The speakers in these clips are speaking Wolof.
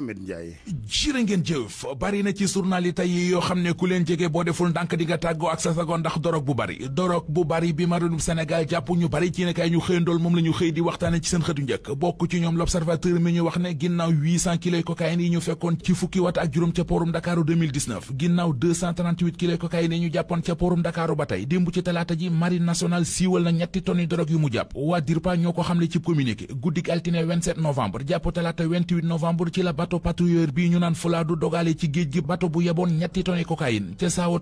Mohamed Ndiaye ngeen jëf bari na ci journal yi tey yoo xam ne ku leen jege boo deful ndànk di tàggoo ak sa sago ndax dorog bu bari dorog bu bari bi marinub Sénégal jàpp ñu bari ci nekkaay ñu xëyandool moom la xëy di waxtaane ci seen xëtu njëkk bokk ci ñoom l'observateur mi ñu wax ne ginnaaw 800 kiloy cocaïne yi ñu fekkoon ci fukki wat ak juróom ca poorum Dakaaru 2019 ginnaaw 238 kiloy cocaïne yi ñu jàppoon ca poorum Dakaaru ba tey démb ci talaata bato patrouilleur bii ñu naan fulaadu dogaale ci géej gi bato bu yeboon ñetti tone cocaïne ca Sao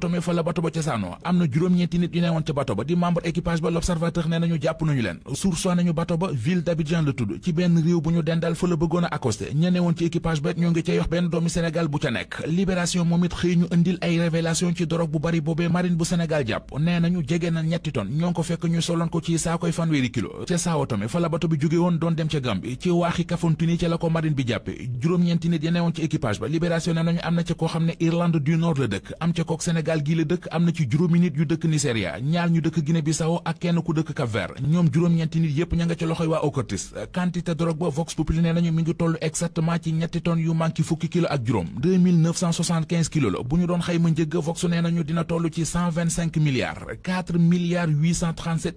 am na juróom-ñeenti nit yu newoon ca bato ba di membre équipage ba l'observateur ne nañu jàpp nañu leen sursoi nañu bato ba ville d'Abidjan la tudd ci benn réew bu ñu dendal fa la bëggoon a accosté ña newoon ci équipage ba ñoo ngi ca yox benn doomi Sénégal bu ca nekk libération moom it xëy ñu indil ay révélation ci dorog bu bari boobee marine bu Sénégal jàpp nee nañu jege na ñetti tonnes ñoo ngi ko fekk ñu soloon ko ci saakoy fanweeri kilo ca Sao Tomé fa la bato bi jóge woon doon dem ca Gambie ci waaxi Kafountine ca la ko marine bi jàppe ñeenti nit ne nañu am na ca koo xam ne Irlande du Nord la dëkk am ca kook Sénégal gii la dëkk am na ci juróomi nit yu dëkk Nigéria ñaar ñu dëkk Guinée Bissau ak kenn ku dëkk Cap Vert ñoom juróom-ñeenti nit yépp ña nga ca loxoy waa OCRTIS quantité drogue ba Vox Populi ne nañu mi ngi toll exactement ci ñetti tonnes yu manqué fukki kilo ak juróom 2975 la bu ñu doon xayma njëgg Vox nee nañu dina toll ci milliards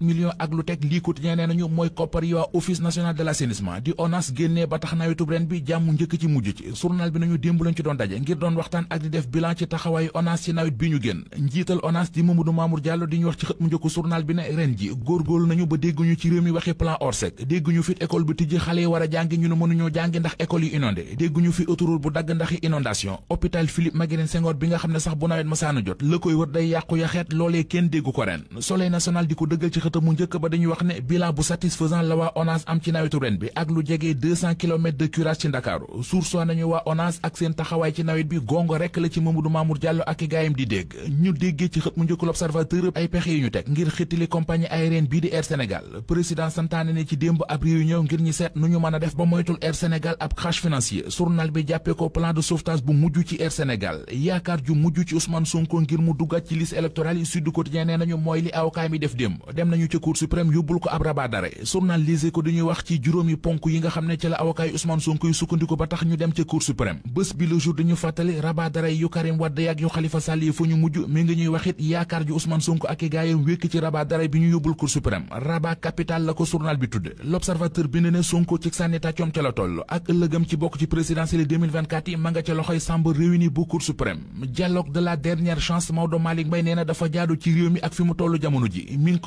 millions ak lu teg lii quotidien nee nañu mooy mujj ci journal bi nañu démb lañ ci doon daje ngir doon waxtaan ak di def bilan ci taxawaayu ONAS ci nawet bi ñu génn njiital ONAS di Mamadou Mamour Diallo di ñu wax ci xët mu njëkk journal bi ne ren ji góorgóorlu nañu ba dégguñu ci réew mi waxi plan Orsec dégguñu fit école bi tijji xale yi war a jàngi ñu ne mënuñoo jàngi ndax école yi inondé dégguñu fi autoroute bu dagg ndax inondation hôpital Philippe Maguilène Senghor bi nga xam ne sax bu nawet masaana jot ko ren Soleil national di ko dëggal ci xëtam mu njëkk soo nañu waa ONAS ak taxawaay ci nawet bi gongo rek la ci i gaayam di dégg ñu déggee ci xët mu njëkk l'Observateur ay pexe yu ñu teg ngir xëttali compagnie aérienne bii di Air Sénégal président ci démb ab réunion ngir ñu seet nu ñu mën a def ba moytul Air Sénégal ab crash financier journal bi jàppee ko plan de sauvetage bu mujj ci Air Sénégal yaakaar ju mujj ci Ousmane Sonko ngir mu duggaat ci liste électorale yi Sud Quotidien nee nañu mooy li awkaay mi def démb dem nañu ci Cour suprême yóbbul ko ab rabat d'arrêt journal Les Échos dañuy wax ci juróomi ponk yi nga xam ne ci la awkaay Ousmane Sonko yi sukkandiku ba tax ñu dem ca cour suprême bés bi le jour dañu fàttali yu Karim Wade yu Khalifa Sall yi fu ñu mujj mi ngi ñuy waxit yaakaar ju Ousmane Sonko ak i gaayam wékk ci rabat daray bi ñu yóbbul cour suprême rabat capital la ko journal bi tudde l'observateur bind ne Sonko ci sànni tàccoom ca la toll ak ëllëgam ci bokk ci présidentielle 2024 yi ma nga ca loxoy chambre réunie bu cour suprême dialogue de la dernière chance Maodo Malick nee na dafa jaadu ci réew mi ak fi mu toll jamono ji mi ngi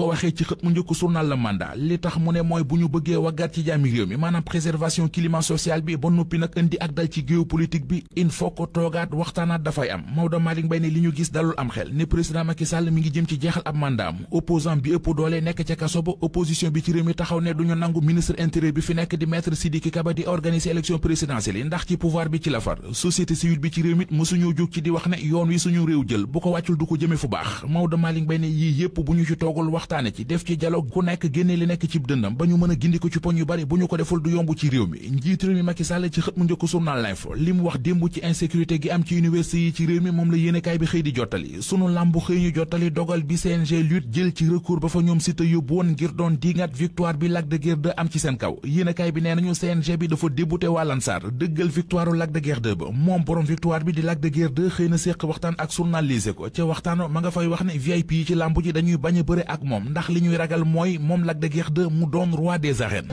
ak dal ci géopolitique bi il faut que toogaat waxtaanaat dafay am Maodo Malick Mbaye ne li ñu gis dalul am xel ne président Macky Sall mi ngi jëm ci jeexal ab mandaam opposant bi ëpp doole nekk ca kaso ba opposition bi ci réew mi taxaw ne du ñu nangu ministre intérieur bi fi nekk di maître Sidiki Kaba di organiser élection présidentielle yi ndax ci pouvoir bi ci la far société civile bi ci réew mi mësuñu jóg ci di wax ne yoon wi suñu réew jël bu ko wàccul du ko jëme fu baax Maodo Malick Mbaye ne yii yépp bu ñu ci toogul waxtaane ci def ci dialogue ku nekk génne li nekk ci dëndam ba ñu mën a gindi ko ci poñ bari bu ñu ko deful du yomb ci réew mi journal l'info li mu wax démb ci insécurité gi am ci université yi ci réew mi moom la yéenekaay bi xëy di jottali sunu làmbu xëy ñu jottali dogal bi CNG lutte jël ci recours ba fa ñoom Siteu yóbbu woon ngir doon diingat victoire bi Lac de Guiers am ci seen kaw yéenekaay bi nee nañu CNG bi dafa débouté waa Lansar dëggal victoire u Lac de Guiers 2 ba moom borom victoire bi di Lac de Guiers xëy na séq waxtaan ak journalisé ko ca waxtaan ma nga fay wax ne VIP yi ci làmb ji dañuy bañ a bëre ak moom ndax li ñuy ragal mooy moom Lac de Guiers mu doon roi des arènes